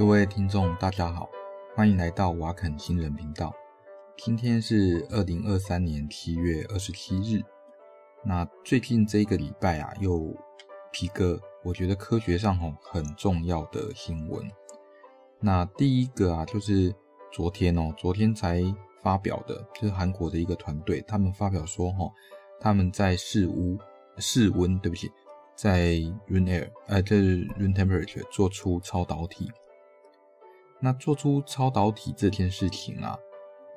各位聽眾，大家好，歡迎來到瓦肯新人頻道。今天是二零二三年七月二十七日。那最近這一個禮拜啊，又提個我覺得科學上很重要的新聞。那第一個啊，就是昨天哦、喔，昨天才發表的，就是韓國的一個團隊，他們發表說哦，他們在室屋室溫，對不起，在 room air，呃，這、就是、room temperature 做出超導體。那做出超導體這件事情啊，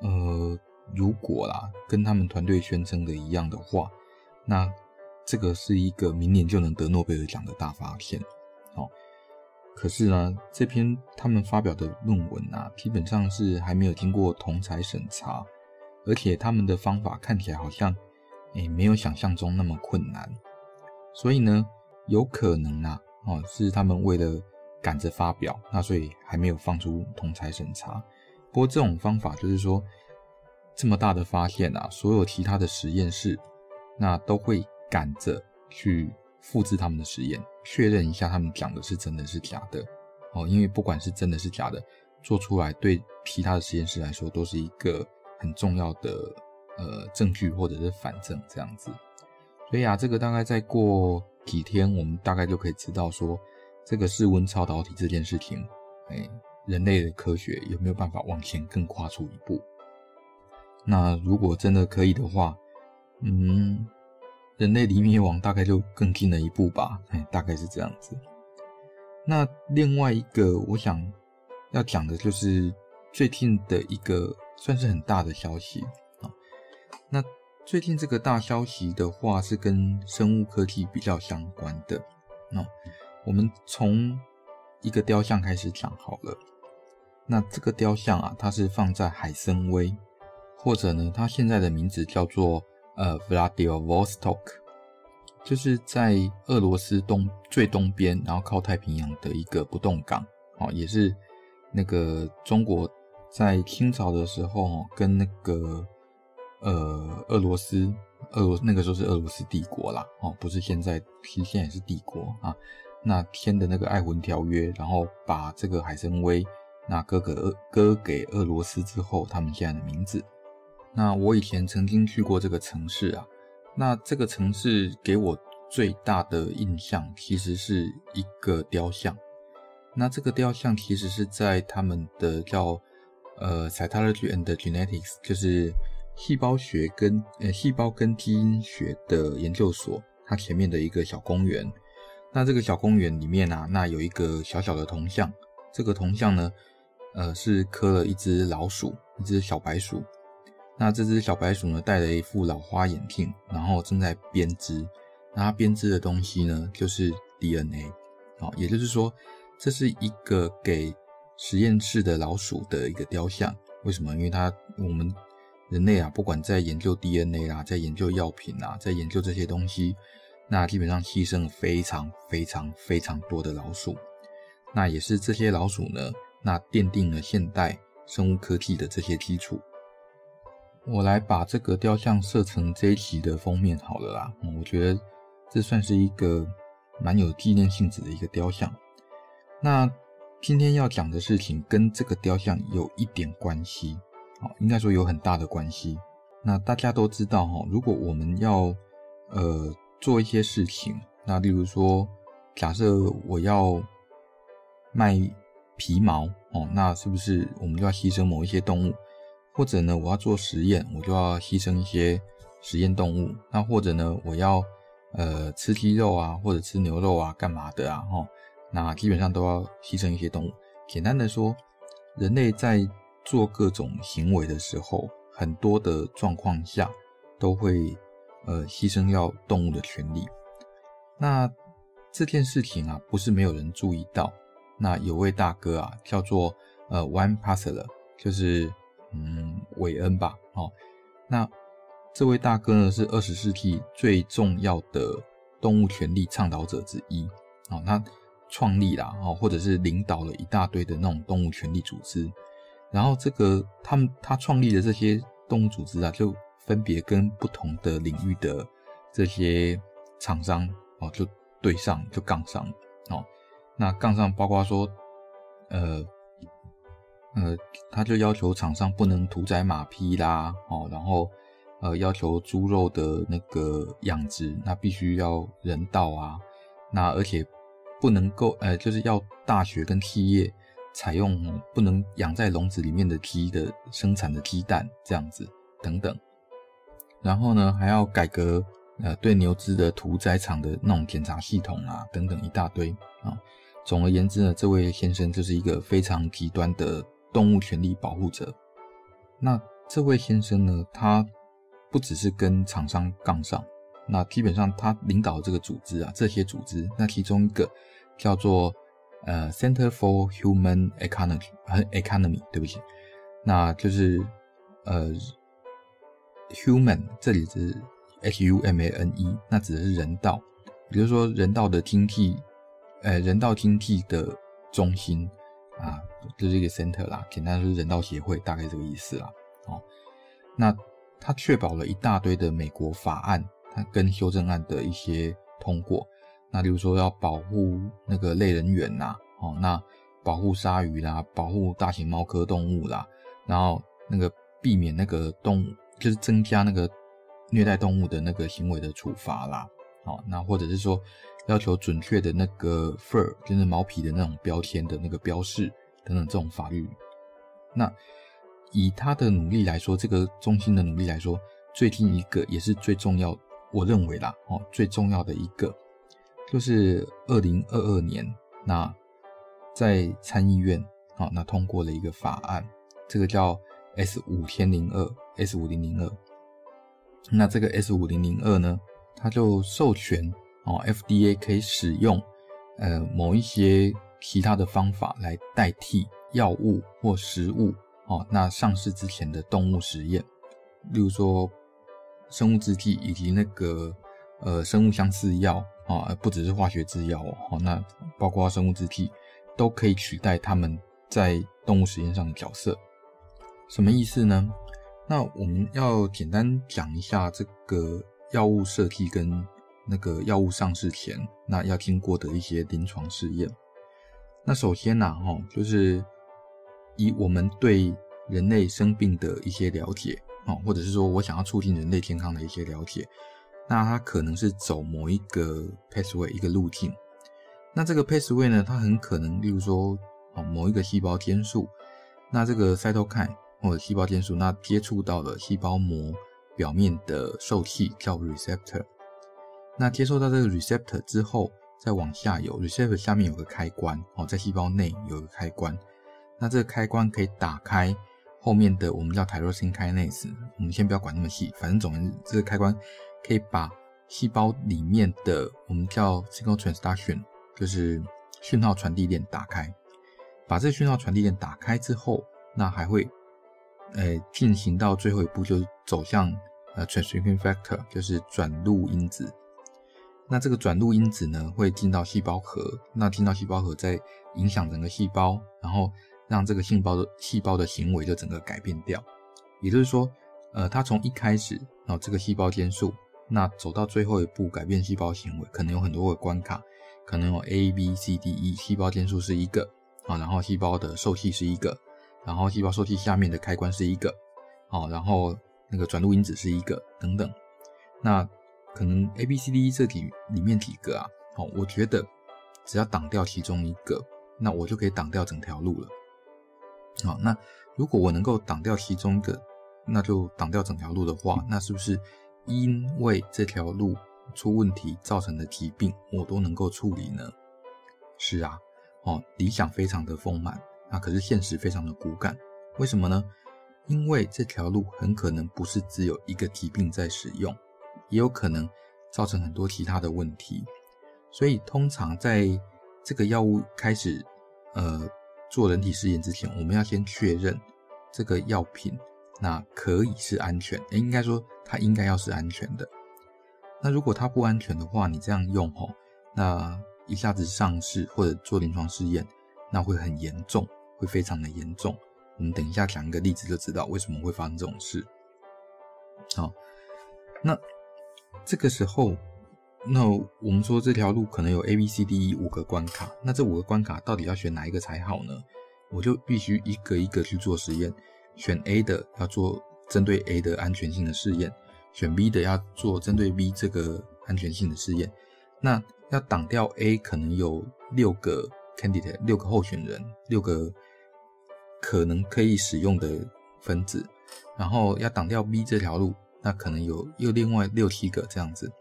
呃，如果啦跟他們團隊宣稱的一樣的話，那這個是一個明年就能得諾貝爾獎的大發現，哦。可是呢，這篇他們發表的論文啊，基本上是還沒有經過同儕審查，而且他們的方法看起來好像，哎、欸，沒有想象中那麼困難，所以呢，有可能啊，哦，是他們為了。趕着發表，那所以還沒有放出同儕審查。不過這種方法就是說，這麼大的發現啊，所有其他的實驗室那都會趕着去複製他們的實驗，確認一下他們講的是真的是假的哦。因為不管是真的是假的，做出來對其他的實驗室來說都是一個很重要的呃證據或者是反證這樣子。所以啊，這個大概再過幾天，我們大概就可以知道說。這個是室溫超導體這件事情，哎，人類的科學有沒有辦法往前更跨出一步？那如果真的可以的話，嗯，人類離滅亡大概就更近了一步吧，大概是這樣子。那另外一個我想要講的就是最近的一個算是很大的消息。那最近這個大消息的話，是跟生物科技比較相關的，我們從一個雕像開始講好了。那這個雕像啊，它是放在海參崴，或者呢，它現在的名字叫做呃，Vladivostok，就是在俄羅斯東最東邊，然後靠太平洋的一個不凍港。哦，也是那個中國在清朝的時候跟那個呃，俄羅斯，俄羅那個時候是俄羅斯帝國啦。哦，不是現在，其實現在也是帝國啊。那天的那個璦琿條約，然後把這個海參崴那割給俄割給俄羅斯之後，他們現在的名字。那我以前曾經去過這個城市啊。那這個城市給我最大的印象，其實是一個雕像。那這個雕像其實是在他們的叫呃，cytology and genetics，就是細胞學跟呃細胞跟基因學的研究所，它前面的一個小公園。那這個小公園裡面啊，那有一個小小的銅像，這個銅像呢，呃，是刻了一隻老鼠，一隻小白鼠。那這隻小白鼠呢，戴了一副老花眼鏡，然後正在編織。那它編織的東西呢，就是 DNA。啊，也就是說，這是一個給實驗室的老鼠的一個雕像。為什麼？因為它我們人類啊，不管在研究 DNA 啦，啊，在研究藥品啊，在研究這些東西。那基本上犧牲了非常非常非常多的老鼠，那也是這些老鼠呢，那奠定了現代生物科技的這些基礎。我來把這個雕像設成這一集的封面好了啦，我覺得這算是一個蠻有紀念性質的一個雕像。那今天要講的事情跟這個雕像有一點關係，啊，應該說有很大的關係。那大家都知道哈，如果我們要，呃。做一些事情，那例如說，假設我要賣皮毛哦，那是不是我們就要犧牲某一些動物？或者呢，我要做實驗，我就要犧牲一些實驗動物。那或者呢，我要呃吃雞肉啊，或者吃牛肉啊，幹嘛的啊，哦，那基本上都要犧牲一些動物。簡單的說，人類在做各種行為的時候，很多的狀況下都會。呃，犧牲掉動物的權利，那這件事情啊，不是沒有人注意到。那有位大哥啊，叫做呃，Wayne Pacelle 就是嗯，韋恩吧，哦，那這位大哥呢，是二十世紀最重要的動物權利倡導者之一，哦，他創立了，哦，或者是領導了一大堆的那種動物權利組織，然後這個他們他創立的這些動物組織啊，就。分別跟不同的領域的這些廠商哦，就對上就槓上哦。那槓上包括說，呃呃，他就要求廠商不能屠宰馬匹啦，哦，然後呃要求豬肉的那個養殖那必須要人道啊，那而且不能夠呃，就是要大學跟企業採用不能養在籠子裡面的雞的生產的雞蛋這樣子等等。然後呢，還要改革呃對牛只的屠宰場的那種檢查系統啊，等等一大堆啊。總而言之呢，這位先生就是一個非常極端的動物權利保護者。那這位先生呢，他不只是跟廠商槓上，那基本上他領導這個組織啊，這些組織，那其中一個叫做呃 Center for Human Economy，Economy，對不起，那就是呃。human，這裡是 h u m a n e，那指的是人道，比如說人道的經濟，呃、欸，人道經濟的中心啊，就是一個 center 啦。簡單來說，人道協會大概這個意思啦。哦，那它確保了一大堆的美國法案，它跟修正案的一些通過。那比如說要保護那個類人猿吶，哦，那保護鯊魚啦，保護大型貓科動物啦，然後那個避免那個動物。就是增加那個虐待動物的那個行為的處罰啦，哦，那或者是說要求準確的那個 fur，就是毛皮的那種標籤的那個標示等等這種法律。那以他的努力來說，這個中心的努力來說，最近一個也是最重要，我認為啦，哦，最重要的一個就是二零二二年，那在參議院，哦，那通過了一個法案，這個叫。S 五千零二 S 五零零二，那這個 S 五零零二呢？它就授權哦，FDA 可以使用呃某一些其他的方法來代替藥物或食物哦。那上市之前的動物實驗，例如說生物制劑以及那個呃生物相似藥啊、哦，不只是化學制藥哦,哦，那包括生物制劑都可以取代他們在動物實驗上的角色。什麼意思呢？那我們要簡單講一下這個藥物設計跟那個藥物上市前那要經過的一些臨床試驗。那首先呢，哈，就是以我們對人類生病的一些了解啊，或者是說我想要促進人類健康的一些了解，那它可能是走某一個 pathway 一個路徑。那這個 pathway 呢，它很可能，例如說，哦，某一個細胞間素，那這個 cytokine 或者細胞間數，那接觸到了細胞膜表面的受器叫 receptor，那接受到這個 receptor 之後，再往下游 receptor 下面有個開關哦，在細胞內有個開關，那這個開關可以打開後面的我們叫 k i n 開內 e，我們先不要管那麼細，反正總之這個開關可以把細胞裡面的我們叫 single transduction，就是訊號傳遞鏈打開，把這個訊號傳遞鏈打開之後，那還會。呃、欸，進行到最後一步，就走向呃 t r a n s c r i p k i o n factor，就是轉錄因子。那這個轉錄因子呢，會進到細胞核，那進到細胞核，在影響整個細胞，然後讓這個細胞的細胞的行為就整個改變掉。也就是說，呃，它從一開始，然、喔、後這個細胞間數，那走到最後一步改變細胞行為，可能有很多個關卡，可能有 A、B、C、D、E，細胞間數是一個啊、喔，然後細胞的受系是一個。然後細胞受體下面的開關是一個，哦，然後那個轉錄因子是一個，等等。那可能 A、B、C、D、E 這裡裡面幾個啊，哦，我覺得只要擋掉其中一個，那我就可以擋掉整條路了。好，那如果我能夠擋掉其中一個，那就擋掉整條路的話，那是不是因為這條路出問題造成的疾病，我都能夠處理呢？是啊，哦，理想非常的豐滿。那可是現實非常的骨感，為什麼呢？因為這條路很可能不是只有一個疾病在使用，也有可能造成很多其他的問題。所以通常在這個藥物開始呃做人體試驗之前，我們要先確認這個藥品那可以是安全，欸，應該說它應該要是安全的。那如果它不安全的話，你這樣用吼，那一下子上市或者做臨床試驗，那會很嚴重。非常的嚴重，我們等一下講一個例子就知道為什麼會發生這種事。好，那這個時候，那我們說這條路可能有 A、B、C、D、E 五個關卡，那這五個關卡到底要選哪一個才好呢？我就必須一個一個去做實驗，選 A 的要做針對 A 的安全性的試驗，選 B 的要做針對 B 這個安全性的試驗，那要擋掉 A 可能有六個 candidate，六個候選人，六個。可能可以使用的分子，然後要擋掉 B 這條路，那可能有又另外六七個這樣子。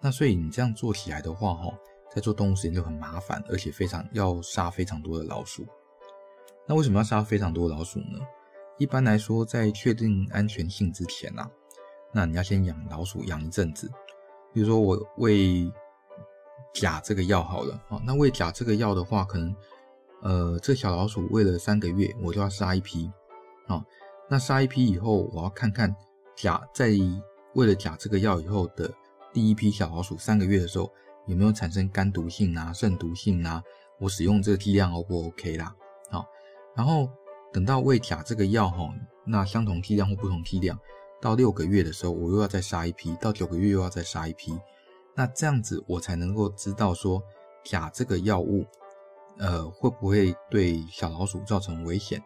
那所以你這樣做起來的話，吼，在做動物實驗就很麻煩，而且非常要殺非常多的老鼠。那為什麼要殺非常多的老鼠呢？一般來說，在確定安全性之前啊，那你要先養老鼠養一陣子。比如說我餵甲這個藥好了，哦，那餵甲這個藥的話，可能。呃，這小老鼠餵了三個月，我就要殺一批，啊、哦，那殺一批以後，我要看看甲在餵了甲這個藥以後的第一批小老鼠三個月的時候有沒有產生肝毒性啊、腎毒性啊，我使用這個劑量 O 不 OK 啦，啊、哦，然後等到餵甲這個藥哈，那相同劑量或不同劑量到六個月的時候，我又要再殺一批，到九個月又要再殺一批，那這樣子我才能夠知道說甲這個藥物。呃，會不會對小老鼠造成危險？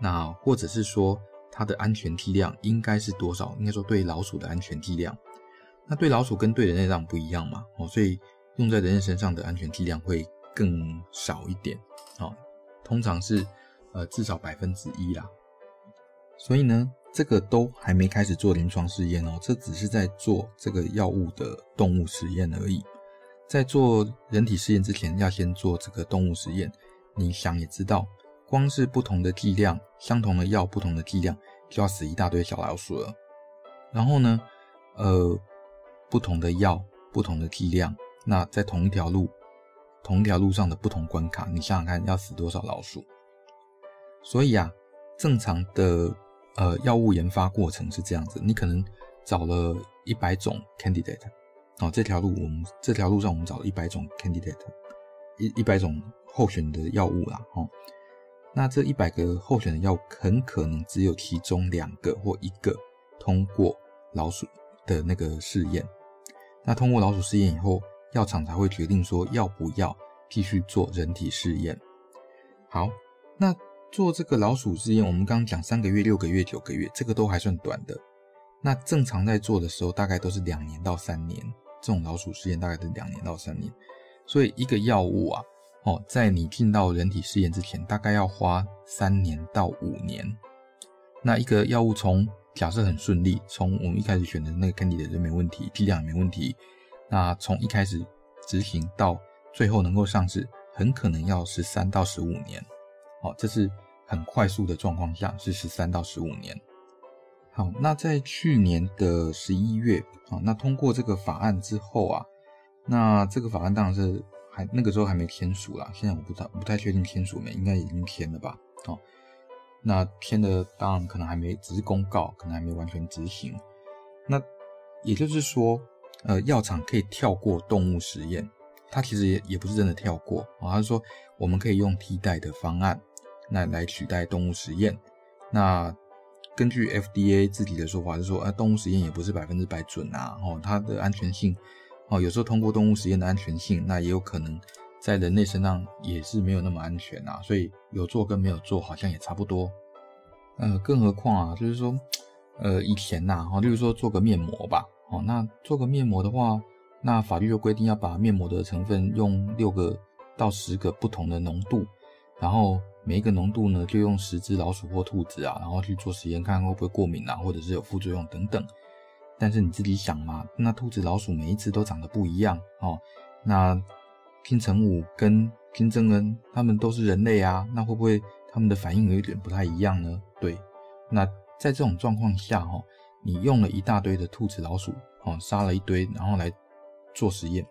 那或者是說，它的安全劑量應該是多少？應該說對老鼠的安全劑量，那對老鼠跟對人類量不一樣嘛？哦，所以用在人類身上的安全劑量會更少一點啊。通常是呃至少百分之一啦。所以呢，這個都還沒開始做臨床試驗哦，這只是在做這個藥物的動物實驗而已。在做人體實驗之前，要先做這個動物實驗。你想也知道，光是不同的劑量、相同的藥、不同的劑量，就要死一大堆小老鼠了。然後呢，呃，不同的藥、不同的劑量，那在同一條路、同一條路上的不同關卡，你想想看要死多少老鼠？所以啊，正常的，呃，藥物研發過程是這樣子，你可能找了一百種 candidate。哦，這條路我們，這條路上我們找了一百種 candidate，一一百種候選的藥物啦。哦，那這一百個候選的藥物很可能只有其中兩個或一個通過老鼠的那個試驗。那通過老鼠試驗以後，藥廠才會決定說要不要繼續做人體試驗。好，那做這個老鼠試驗，我們剛剛講三個月、六個月、九個月，這個都還算短的。那正常在做的時候，大概都是兩年到三年。這種老鼠實驗大概是兩年到三年，所以一個藥物啊，哦，在你進到人體試驗之前，大概要花三年到五年。那一個藥物從假設很順利，從我們一開始選擇那個 candidate 都沒問題，劑量也沒問題，那從一開始執行到最後能夠上市，很可能要十三到十五年。哦，這是很快速的狀況下是十三到十五年。好，那在去年的十一月啊，哦，那通過這個法案之後啊，那這個法案當然是還那個時候還沒簽署啦，現在我不知道，不太確定簽署沒，應該已經簽了吧？好，哦，那簽的當然可能還沒，只是公告，可能還沒完全執行。那也就是說，呃，藥廠可以跳過動物實驗，它其實也也不是真的跳過啊，哦，它是說我們可以用替代的方案，那來取代動物實驗，那。根據 FDA 自己的說法，是說啊，動物實驗也不是百分之百準啊，哦，它的安全性，哦，有時候通過動物實驗的安全性，那也有可能在人類身上也是沒有那麼安全啊，所以有做跟沒有做好像也差不多。呃，更何況啊，就是說，呃，以前吶，啊，哦，例如說做個面膜吧，哦，那做個面膜的話，那法律就規定要把面膜的成分用六個到十個不同的濃度。然後每一個濃度呢，就用十隻老鼠或兔子啊，然後去做實驗，看看會不會過敏啊，或者是有副作用等等。但是你自己想嘛，那兔子、老鼠每一隻都長得不一樣哦。那金城武跟金正恩他們都是人類啊，那會不會他們的反應有一點不太一樣呢？對，那在這種狀況下哈、哦，你用了一大堆的兔子、老鼠哦，殺了一堆，然後來做實驗，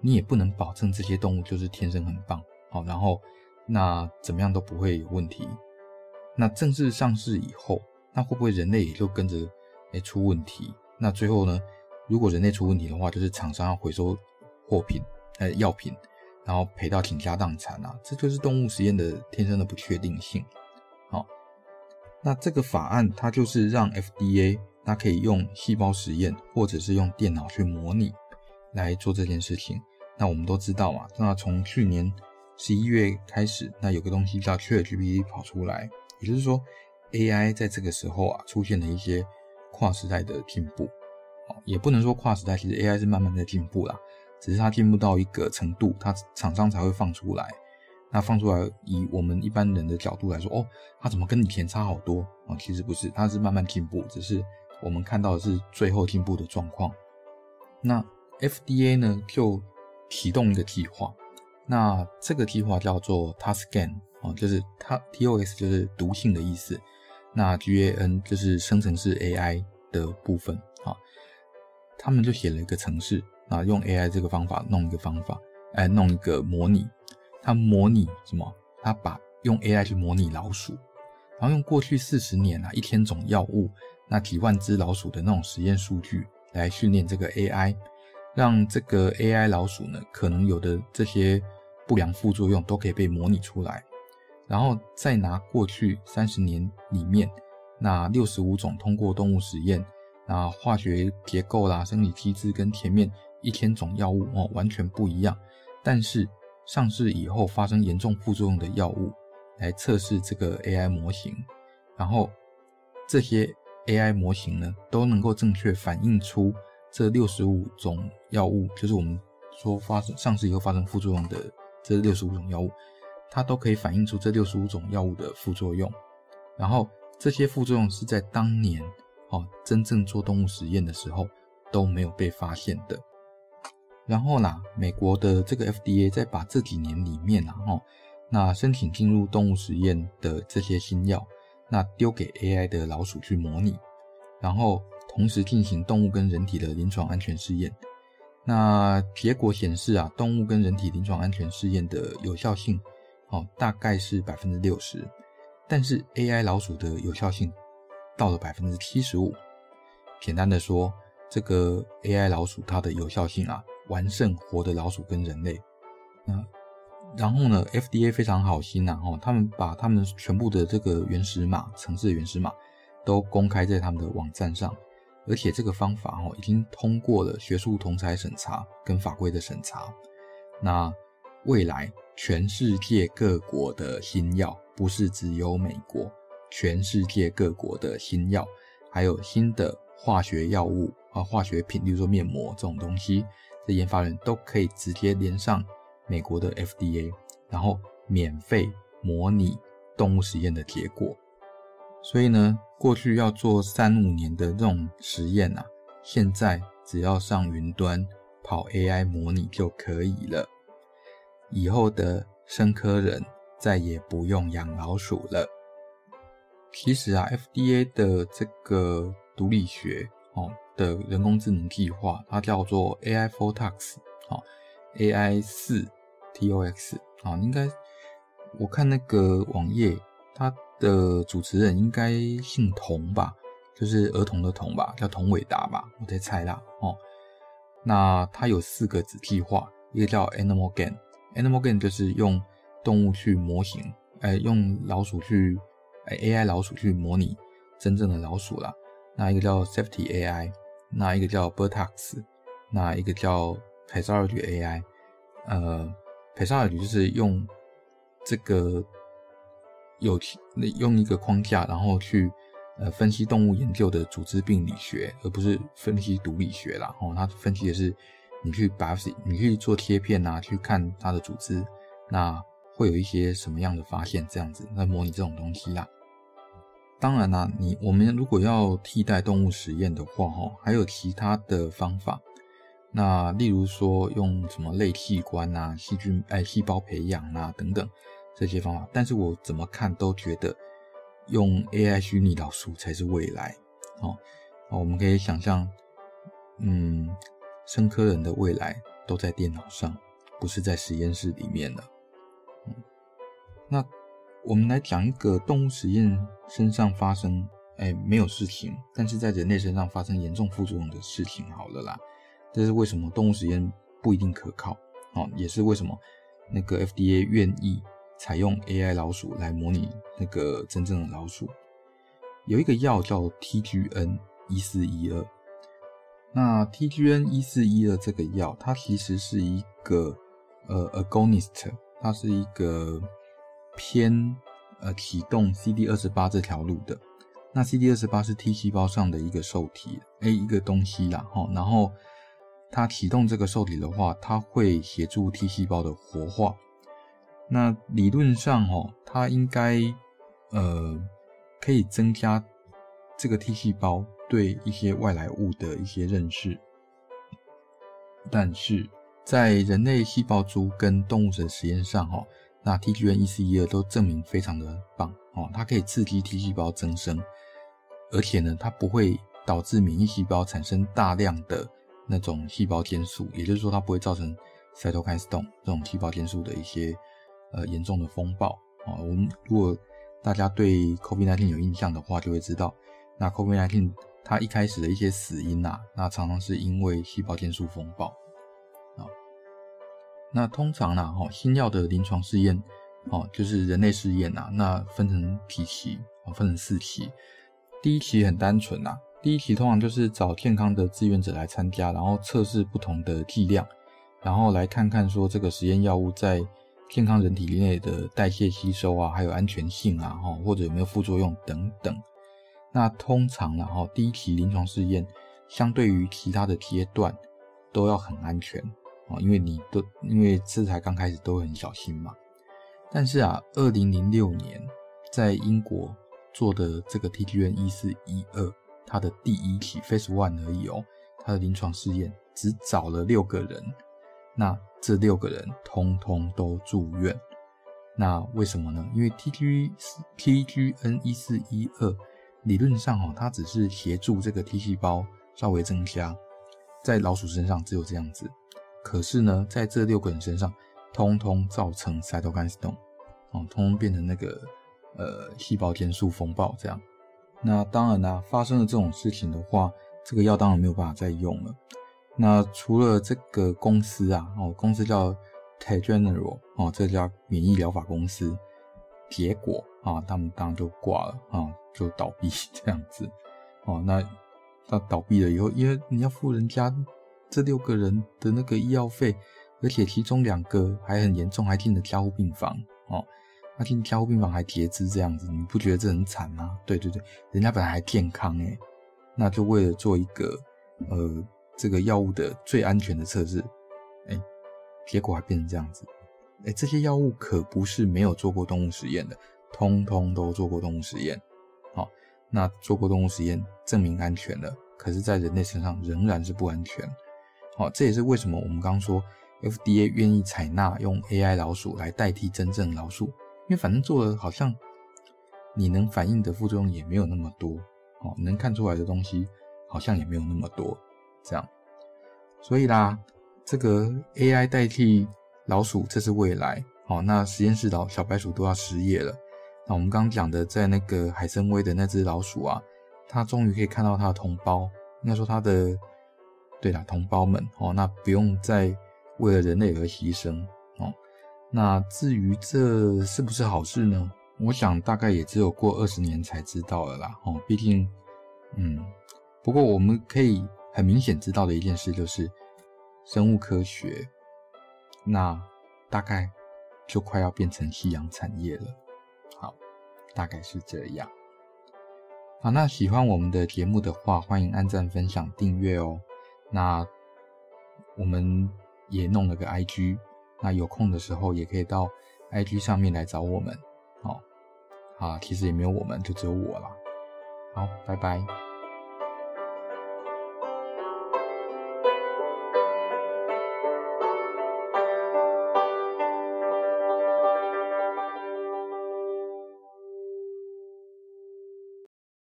你也不能保證這些動物就是天生很棒哦。然後。那怎麼樣都不會有問題。那正式上市以後，那會不會人類也就跟着、欸、出問題？那最後呢，如果人類出問題的話，就是廠商要回收貨品、呃、欸、藥品，然後賠到傾家蕩產啊！這就是動物實驗的天生的不確定性。好，那這個法案它就是讓 FDA 它可以用細胞實驗或者是用電腦去模擬來做這件事情。那我們都知道嘛、啊，那從去年。十一月開始，那有個東西叫 ChatGPT 跑出來，也就是說 AI 在這個時候啊出現了一些跨時代的進步。哦，也不能說跨時代，其實 AI 是慢慢在進步啦，只是它進步到一個程度，它廠商才會放出來。那放出來，以我們一般人的角度來說，哦，它怎麼跟以前差好多啊？其實不是，它是慢慢進步，只是我們看到的是最後進步的狀況。那 FDA 呢就啟動一個計劃。那這個計劃叫做 t a s c a n 啊，就是它 T O S 就是毒性的意思，那 G A N 就是生成式 A I 的部分啊。他們就寫了一個程式，啊，用 A I 這個方法弄一個方法，來、欸、弄一個模擬。他模擬什麼？他把用 A I 去模擬老鼠，然後用過去四十年啊一千種藥物，那幾萬隻老鼠的那種實驗數據來訓練這個 A I。讓這個 AI 老鼠呢，可能有的這些不良副作用都可以被模擬出來，然後再拿過去三十年裡面那六十五種通過動物實驗，那化學結構啦、生理機制跟前面一千種藥物哦完全不一樣，但是上市以後發生嚴重副作用的藥物來測試這個 AI 模型，然後這些 AI 模型呢都能夠正確反映出。這六十五種藥物，就是我們說發生上市以後發生副作用的這六十五種藥物，它都可以反映出這六十五種藥物的副作用。然後這些副作用是在當年哦真正做動物實驗的時候都沒有被發現的。然後啦，美國的這個 FDA 再把這幾年裡面啊哈、哦，那申請進入動物實驗的這些新藥，那丟給 AI 的老鼠去模擬，然後。同時進行動物跟人體的臨床安全試驗，那結果顯示啊，動物跟人體臨床安全試驗的有效性，哦大概是百分之六十，但是 AI 老鼠的有效性到了百分之七十五。簡單的說，這個 AI 老鼠它的有效性啊完勝活的老鼠跟人類。那然後呢，FDA 非常好心啊，然後他們把他們全部的這個原始碼、程式的原始碼都公開在他們的網站上。而且這個方法哈已經通過了學術同儕審查跟法規的審查。那未來全世界各國的新藥不是只有美國，全世界各國的新藥，還有新的化學藥物啊化學品，例如說面膜這種東西，這研發人都可以直接連上美國的 FDA，然後免費模擬動物實驗的結果。所以呢，過去要做三五年的這種實驗啊，現在只要上雲端跑 AI 模擬就可以了。以後的生科人再也不用養老鼠了。其實啊，FDA 的這個毒理學哦的人工智能計劃，它叫做 AI for Tox 哦 AI 四 TOX 啊、哦，應該我看那個網頁它。的主持人應該姓童吧，就是兒童的童吧，叫童偉達吧，我在猜啦哦。那他有四個子計劃，一個叫 Animal g i n a n i m a l g i n 就是用動物去模型，呃、欸，用老鼠去、欸、，a i 老鼠去模擬真正的老鼠啦。那一個叫 Safety AI，那一個叫 b e r t a x 那一個叫 Petarai AI，呃，Petarai 就是用這個。有用一個框架，然後去呃分析動物研究的組織病理學，而不是分析毒理學然後哦，它分析的是你去把你去做切片吶、啊，去看它的組織，那會有一些什麼樣的發現？這樣子在模擬這種東西啦。當然啦，你我們如果要替代動物實驗的話，哈、哦，還有其他的方法。那例如說用什麼類器官吶、啊、細菌哎、細胞培養啊等等，這些方法，但是我怎麼看都覺得用 AI 虛擬老鼠才是未來。哦，我們可以想象，嗯，生科人的未來都在電腦上，不是在實驗室裡面了。嗯，那我們來講一個動物實驗身上發生，哎，沒有事情，但是在人類身上發生嚴重副作用的事情，好了啦。這是為什麼動物實驗不一定可靠？哦，也是為什麼那個 FDA 願意。採用 AI 老鼠來模擬那個真正的老鼠，有一個藥叫 TGN 一四一二。那 TGN 一四一2這個藥，它其實是一個呃 agonist，它是一個偏呃啟動 CD 二十八這條路的。那 CD 二十八是 T 細胞上的一個受體，A 一個東西啦哈。然後它啟動這個受體的話，它會協助 T 細胞的活化。那理論上，哦，它應該，呃，可以增加這個 T 細胞對一些外來物的一些認識。但是在人類細胞株跟動物的實驗上，哦，那 t g 1 2都證明非常的棒，哦，它可以刺激 T 細胞增生，而且呢，它不會導致免疫細胞產生大量的那種細胞間素，也就是說，它不會造成 s t 開始動這種細胞間素的一些。呃，嚴重的風暴啊、哦！我們如果大家對 COVID-19 有印象的話，就會知道，那 COVID-19 它一開始的一些死因啊，那常常是因為細胞激素風暴啊、哦。那通常呢、啊，哦，新藥的臨床試驗，哦，就是人類試驗啊，那分成幾期啊、哦，分成四期。第一期很單純吶、啊，第一期通常就是找健康的志願者來參加，然後測試不同的劑量，然後來看看說這個實驗藥物在健康人體內的代謝吸收啊，還有安全性啊，哈，或者有沒有副作用等等。那通常，啊，然後第一期臨床試驗，相對於其他的階段，都要很安全啊，因為你都因為這才剛開始，都很小心嘛。但是啊，二零零六年在英國做的這個 TGN 一四一二，它的第一期 Phase One 而已哦，它的臨床試驗只找了六個人。那這六個人通通都住院，那為什麼呢？因為 T G T G N 一四一二理論上哈、哦，它只是協助這個 T 細胞稍微增加，在老鼠身上只有這樣子，可是呢，在這六個人身上，通通造成腮頭乾死凍，哦，通通變成那個呃細胞間數風暴這樣。那當然啦，發生了這種事情的話，這個藥當然沒有辦法再用了。那除了這個公司啊，哦，公司叫 TeGenero 哦，這家免疫療法公司，結果啊、哦，他們當然就掛了啊、哦，就倒閉這樣子，哦，那倒閉了以後，因為你要付人家這六個人的那個醫藥費，而且其中兩個還很嚴重，還進了加護病房哦，那進加護病房還截肢這樣子，你不覺得這很慘嗎？對對對，人家本來還健康哎，那就為了做一個呃。這個藥物的最安全的測試，哎，結果還變成這樣子。哎，這些藥物可不是沒有做過動物實驗的，通通都做過動物實驗。哦，那做過動物實驗證明安全了，可是，在人類身上仍然是不安全。哦，這也是為什麼我們剛剛說 FDA 願意採納用 AI 老鼠來代替真正老鼠，因為反正做的好像你能反應的副作用也沒有那麼多，哦，能看出來的東西好像也沒有那麼多。這樣，所以啦，這個 AI 代替老鼠，這是未來。好、哦，那實驗室老小白鼠都要失業了。那我們剛剛講的，在那個海參崴的那隻老鼠啊，它終於可以看到它的同胞，應該說它的，對了，同胞們。哦，那不用再為了人類而犧牲。哦，那至於這是不是好事呢？我想大概也只有過二十年才知道了啦。哦，畢竟，嗯，不過我們可以。很明顯知道的一件事就是，生物科學，那大概就快要變成夕陽產業了。好，大概是這樣。好，那喜歡我們的節目的話，歡迎按讚、分享、訂閱哦。那我們也弄了個 IG，那有空的時候也可以到 IG 上面來找我們。好，啊，其實也沒有我們，就只有我了。好，拜拜。